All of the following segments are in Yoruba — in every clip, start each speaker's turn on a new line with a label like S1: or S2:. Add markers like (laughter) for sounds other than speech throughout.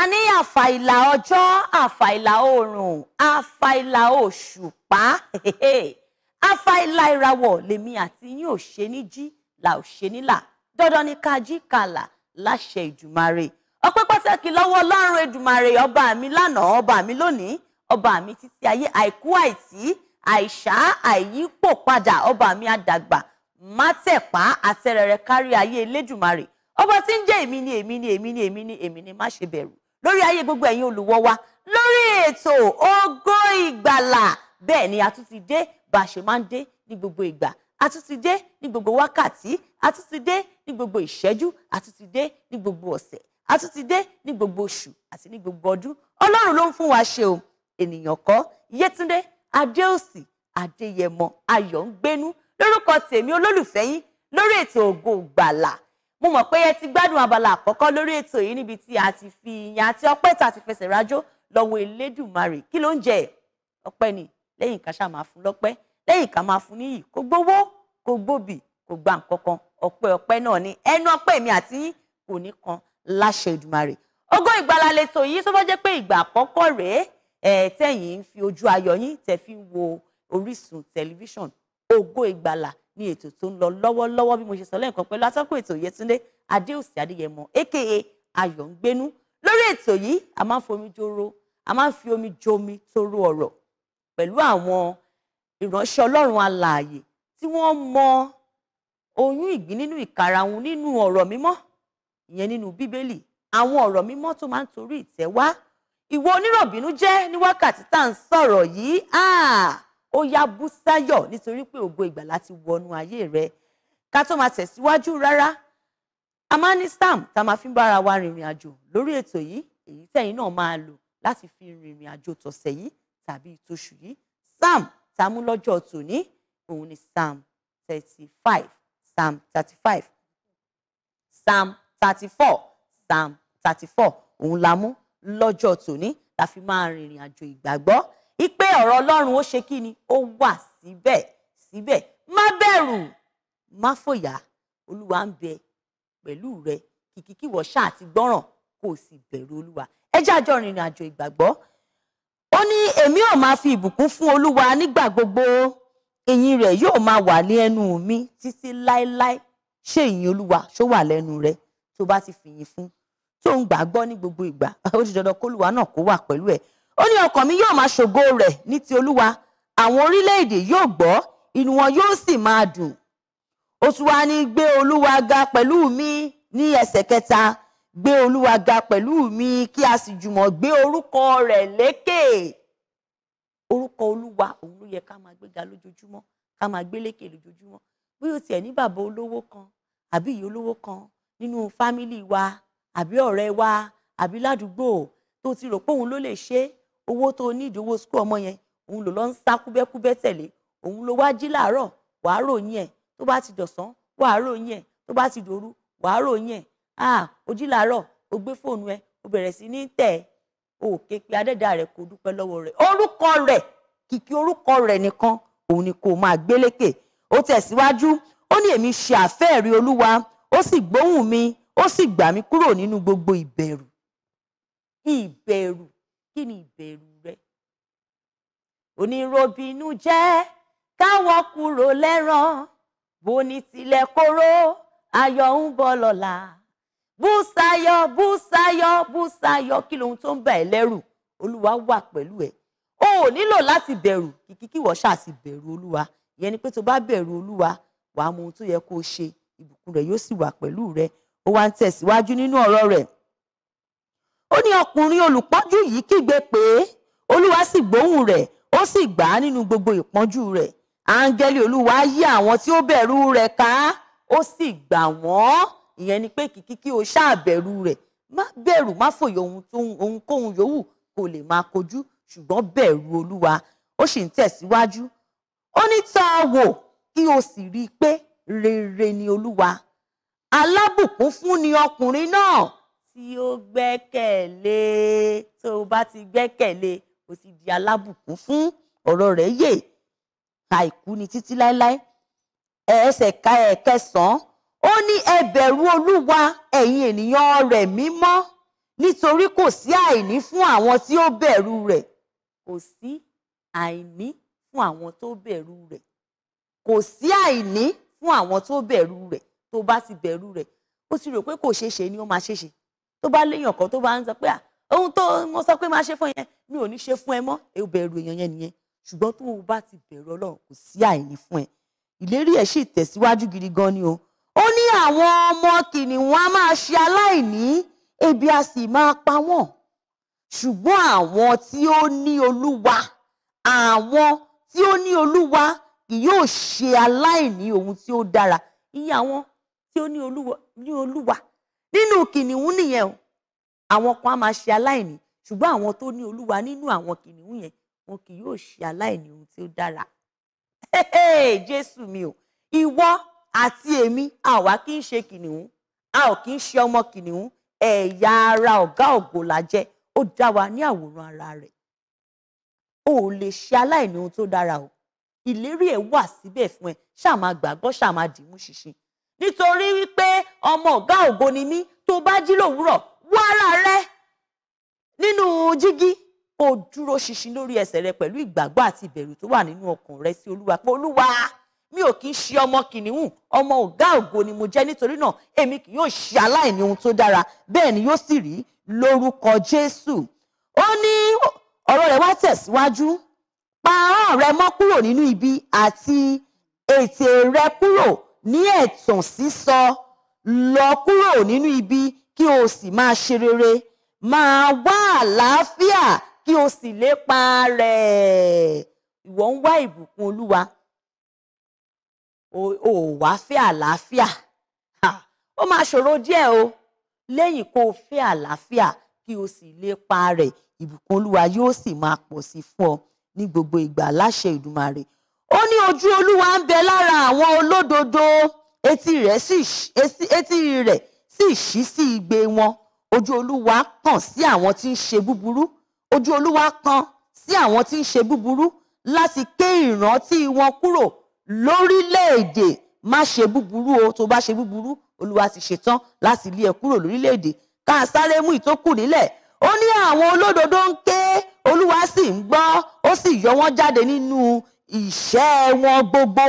S1: a ní àfàìlà ọjọ́ àfàìlà oòrùn àfàìlà òṣùpá (laughs) àfàìlà ìràwọ̀ lèmi àti yín ò ṣe ní jí là ò ṣe nílà dandan ni ká jí kàlà láṣẹ ìdùmarè ọpẹ́ pàtàkì lọ́wọ́ Ọlọ́run Èdùmarè ọba mi lánàá ọba mi lónìí ọba mi títí ayé àìkú àìtí àìṣá àìyípò padà ọba mi àdàgbà mátẹ̀pá àtẹrẹrẹ kárí ayé Elédùmarè ọba tí ń jẹ́ èmi ni èmi ni èmi ni èmi ni èmi ni má ṣe bẹ̀rù lórí ayé gbogbo ẹ̀yin olùwọ́ wa lórí ètò Ògo Ìgbàlà bẹ́ẹ̀ ni a tún ti dé bá a ṣe máa ń dé ní gbogbo ìgbà a tún ti dé ní gbogbo wákàtí a tún ti dé ní gbogbo ìṣẹ́jú a tún ti dé ní gbogbo ọ̀sẹ̀ a tún ti dé ní gbogbo oṣù àti ní gbogbo ọdún Ọlọ́run ló ń fún wa ṣe o ènìyàn kọ́ Yétúndé Adéòsì Adéyẹmọ Ayọ̀ǹgbénú lórúkọ tèmi olólùfẹ́ yín lórí ètò Ògo Ìgbàlà mo mọ̀ pé ẹ ti gbádùn abala àkọ́kọ́ lórí ètò yìí níbi tí a ti fi ìyìn àti ọpẹ́ tá ti fẹsẹ̀ rájó lọ́wọ́ Elédùmarè kí ló ń jẹ ọpẹ́ ni lẹ́yìn ká ṣáà máa fún lọ́pẹ́ lẹ́yìn ká máa fún níyì kó gbówó kó gbòbì kó gba nǹkan ọpẹ́ ọpẹ́ náà ni ẹnu ọpẹ́ mi àti yín kò ní kan láṣẹ Èdùmarè Ògo Ìgbàlà lètò yìí tó bá jẹ́ pé ìgbà àkọ́kọ́ rèé ẹ̀ fi ojú ayọ̀ yín tẹ̀ fi wo Orísun tẹlifíṣàn ògo ìgbàlà ni ètò tó ń lọ lọ́wọ́lọ́wọ́ bí mo ṣe sọ lẹ́ẹ̀kan pẹ̀lú atọ́kùn ètò Yẹtúndé Adéòsì Adéyẹmọ aka Ayọ̀ǹgbénú lórí ètò yìí a máa ń fi omi joro a máa ń fi omi jomi toro ọ̀rọ̀ pẹ̀lú àwọn ìránṣẹ́ Ọlọ́run alààyè tí wọ́n mọ oyún ìgbín nínú ìkarahun nínú ọ̀rọ̀ mímọ́ ìyẹn nínú Bíbélì àwọn ọ̀rọ̀ mímọ́ tó máa ń torí ìtẹ́ wá ìwọ onírọ̀bìnú jẹ́ ní wákàtí tá à ń sọ̀rọ̀ yìí ah! ó yá bú sáyọ̀ nítorí pé ògo ìgbàlà ti wọnú ayé rẹ ká tó máa tẹ̀síwájú rárá a máa ní stamp tá a máa fi ń bára wa rìnrìn àjò lórí ètò yìí èyí tẹ̀yin náà máa lò láti fi rìnrìn àjò tọ̀sẹ̀ yìí tàbí ìtòṣù yìí stamp tá a mú lọ́jọ́ tòní òun ni stamp thirty five stamp thirty five stamp thirty four stamp thirty four òun la mú lọ́jọ́ tòní la fi máa rìnrìn àjò ìgbàgbọ́ ipe ọ̀rọ̀ ọlọ́run ó ṣe kí ni ó wà síbẹ̀ síbẹ̀ má bẹ̀rù má fòyà olúwa ń bẹ pẹ̀lú rẹ kìkì kí wọ́n ṣáà ti gbọ́ràn kò sì bẹ̀rù olúwa ẹ àjọ rìnrìn àjò ìgbàgbọ́ ó ní èmi ò máa fi ìbùkún fún olúwa nígbà gbogbo ìyìn rẹ̀ yóò máa wà ní ẹnu mi títí láéláé ṣé ìyìn olúwa ṣó wà lẹ́nu rẹ tó bá ti fìyìn fún tó ń gbàgbọ́ ní gbogbo ìgbà ó ti dandan kólúwa náà kó wà pẹ̀lú ẹ̀ ó ní ọkàn mi yóò máa ṣògo rẹ̀ ní ti olúwa àwọn orílẹ̀-èdè yóò gbọ́ inú wọn yóò sì máa dùn ó tún wá ní gbé olúwa ga pẹ̀lú mi ní ẹsẹ̀ kẹta gbé olúwa ga pẹ̀lú mi kí a sì jùmọ̀ gbé orúkọ rẹ̀ lékè orúkọ olúwa òun ló yẹ ká máa gbéga lójoojúmọ́ ká máa gbé lékè lójoojúmọ́ bí o tiẹ̀ ní bàbá olówó kan àbí ìyá olówó kan nínú fámìlì wa àbí ọ̀rẹ́ wa àbí ládùúgbò tó ti rò pé òun ló lè ṣe é owó tó ní ìdíwó sukú ọmọ yẹn òun ló lọ ń sá kúbẹ́kúbẹ́ tẹ̀lé òun ló wá jí làárọ̀ wàá ròyìn ẹ̀ tó bá ti dọ̀sán wàá ròyìn ẹ̀ tó bá ti dòru wàá ròyìn ẹ̀ ah o jí làárọ̀ o gbé fóònù ẹ o bẹ̀rẹ̀ sí ní tẹ̀ o képe adẹ́dà rẹ̀ kò dúpẹ́ lọ́wọ́ rẹ̀ orúkọ rẹ̀ kìkì orúkọ rẹ̀ nìkan òun ni kò máa gbélékè ó tẹ̀síwájú ó ní èmi ṣe àfẹ́ẹ̀rí olúwa ó sì gbóhùn mi ó sì gbà mí kúrò nínú gbogbo ìbẹ̀rù ìbẹ̀rù kí ni ìbẹ̀rù rẹ. onírobinú jẹ́ káwọ́ kúrò lẹ́ràn bóni tilẹ̀ kóró ayọ̀ ń bọ̀ lọ́la bùsàyọ̀ bùsàyọ̀ bùsàyọ̀ kí lohun tó ń bà ẹ́ lẹ́rù olúwa wà pẹ̀lú ẹ̀ o ò nílò láti bẹ̀rù kìkì kí wọ́n ṣáà ti bẹ̀rù olúwa ìyẹn ni pé tó bá bẹ̀rù olúwa wàá mọ ohun tó yẹ kó o ṣe ìbùkún rẹ̀ yóò sì wà pẹ̀lú rẹ̀ ó wá ń tẹ̀síwájú nínú ọ̀rọ̀ rẹ̀ ó ní ọkùnrin olùpọ́njú yìí kígbe pé olúwa sì gbóhùn rẹ̀ ó sì gbà á nínú gbogbo ìpọ́njú rẹ̀ áńgẹ́lì olúwa yí àwọn tí ó bẹ̀rù rẹ̀ ká ó sì gbà wọ́n ìyẹn ni pé kìkì kí o ṣáà rẹ̀ má bẹ̀rù má fòye ohunkóhun yòówù kò lè máa kojú ṣùgbọ́n bẹ̀rù olúwa ó sì ń tẹ̀síwájú ó ní tọ́ ọ wò kí o sì rí i pé rere ni olúwa alábùkún fún ni ọkùnrin náà tí ó gbẹ́kẹ̀lé tó o bá ti gbẹ́kẹ̀lé o ti di alábùkún fún ọ̀rọ̀ rẹ̀ yè àìkú ni títí láéláé ẹsẹ̀ ká ẹ̀ kẹsàn-án ó ní ẹ bẹ̀rù olúwa ẹ̀yin ènìyàn rẹ̀ mímọ́ nítorí kò sí àìní fún àwọn tí ó bẹ̀rù rẹ̀ kò sí àìní fún àwọn tó bẹ̀rù rẹ̀ kò sí àìní fún àwọn tó bẹ̀rù rẹ̀ tó bá ti bẹ̀rù rẹ̀ ó ti rò pé kò ṣeé ni ó máa ṣeé tó bá léèyàn kan tó bá ń sọ pé ohun tó mo sọ pé máa ṣe fún yẹn mi ò ní ṣe fún ẹ mọ́ ẹ ò bẹ̀rù èèyàn yẹn nìyẹn ṣùgbọ́n tó o bá ti bẹ̀rù ọlọ́run kò sí àìní fún ẹ ìlérí ẹ̀ sì tẹ̀síwájú gidi gan ni o ó ní àwọn ọmọ kìnìún á máa ṣe aláìní ebi a sì máa pa wọ́n ṣùgbọ́n àwọn tí ó ní olúwa àwọn tí ó ní olúwa kì yóò ṣe aláìní ohun tí ó dára iye àwọn tí ó ní olúwa nínú kìnìún nìyẹn o àwọn kan á máa ṣe aláìní ṣùgbọ́n àwọn tó ní olúwa nínú àwọn kìnìún yẹn wọn kì yóò ṣe aláìní ohun tí ó dára jésù mi o ìwọ àti èmi àwa kì í ṣe kìnìún a ò kì í ṣe ọmọ kìnìún ẹ̀yà ara ọ̀gá ògo la jẹ́ ó dá wa ní àwòrán ara rẹ̀ o ò lè ṣe aláìní ohun tó dára o ìlérí ẹ̀ wà síbẹ̀ fún ẹ ṣáà máa gbàgbọ́ ṣáà máa dìímú ṣinṣin nítorí wípé ọmọ ọ̀gá ògo ni mí tó bá jí lòwúrọ̀ wá ara rẹ nínú jígí kó o dúró ṣinṣin lórí ẹsẹ̀ rẹ pẹ̀lú ìgbàgbọ́ àti ìbẹ̀rù tó wà nínú ọkàn rẹ sí olúwa pé olúwa mi ò kí ń ṣe ọmọ kìnìún ọmọ ọ̀gá ògo ni mo jẹ́ nítorí náà èmi kì yóò ṣe aláìní ohun tó dára bẹ́ẹ̀ ni yóò sì rí lórúkọ jésù ó ní ọ̀rọ̀ rẹ̀ wá tẹ̀síwájú pa ahọ́n rẹ mọ́ kúrò nínú ibi àti ètè rẹ kúrò ní ẹ̀tàn sísọ lọ kúrò nínú ibi kí o sì máa ṣe rere máa wá àlàáfíà kí o sì lépa rẹ̀ ìwọ ń wá ìbùkún olúwa o ò wá fẹ́ àlàáfíà ó máa ṣòro díẹ̀ o lẹ́yìn kó o fẹ́ àlàáfíà kí o sì lépa rẹ̀ ìbùkún olúwa yóò sì máa pọ̀ sí fún ọ ní gbogbo ìgbà láṣẹ Ìdùmarè ó ní ojú olúwa ń bẹ lára àwọn olódodo etí rẹ̀ sì ṣí sí igbe wọn ojú olúwa kàn sí àwọn tí ń ṣe búburú ojú olúwa kàn sí àwọn tí ń ṣe búburú láti ké ìrántí wọn kúrò lórílẹ̀-èdè má ṣe búburú o tó bá ṣe búburú olúwa ti ṣetán láti lé ẹ kúrò lórílẹ̀-èdè ká sáré mú ìtókù nílẹ̀ ó ní àwọn olódodo ń ké olúwa sì ń gbọ́ ó sì yọ wọ́n jáde nínú ìṣẹ́ wọn gbogbo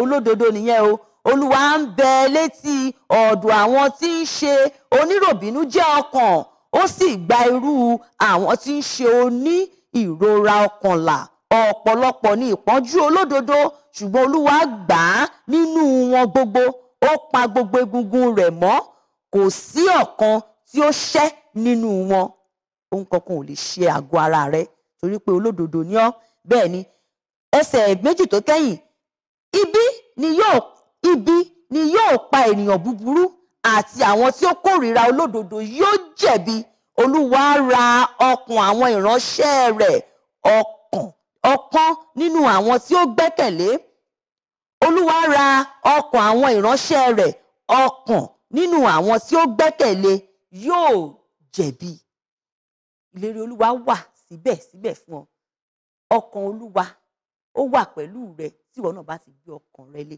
S1: olódodo nìyẹn o olúwa ń bẹ létí ọ̀dọ̀ àwọn tí ń ṣe oníròbìnú jẹ́ ọkàn ó sì gba irú àwọn tí ń ṣe oní ìrora ọkàn là ọ̀pọ̀lọpọ̀ ní ìpọ́njú olódodo ṣùgbọ́n olúwa gbà á nínú wọn gbogbo ó pa gbogbo egungun rẹ̀ mọ́ kò sí ọ̀kan tí ó ṣẹ́ nínú wọn ohun kankan ò lè ṣe àgọ́ ara rẹ̀ torí pé olódodo ni ọ́ bẹ́ẹ̀ ni ẹsẹ̀ méjì tó kẹ́yìn ibi ni yóò ibi ni yóò pa ènìyàn búburú àti àwọn tí ó kórìíra olódodo yóò jẹ̀bi olúwa ra ọkàn àwọn ìránṣẹ́ rẹ̀ ọkàn ọ̀kan nínú àwọn tí ó gbẹ́kẹ̀lé olúwa ra ọkàn àwọn ìránṣẹ́ rẹ̀ ọkàn nínú àwọn tí ó gbẹ́kẹ̀lé yóò jẹ̀bi ìlérí olúwa wà síbẹ̀síbẹ̀ fún ọ ọkàn olúwa ó wà pẹ̀lú rẹ tí ìwọ náà bá ti gbé ọkàn rẹ lé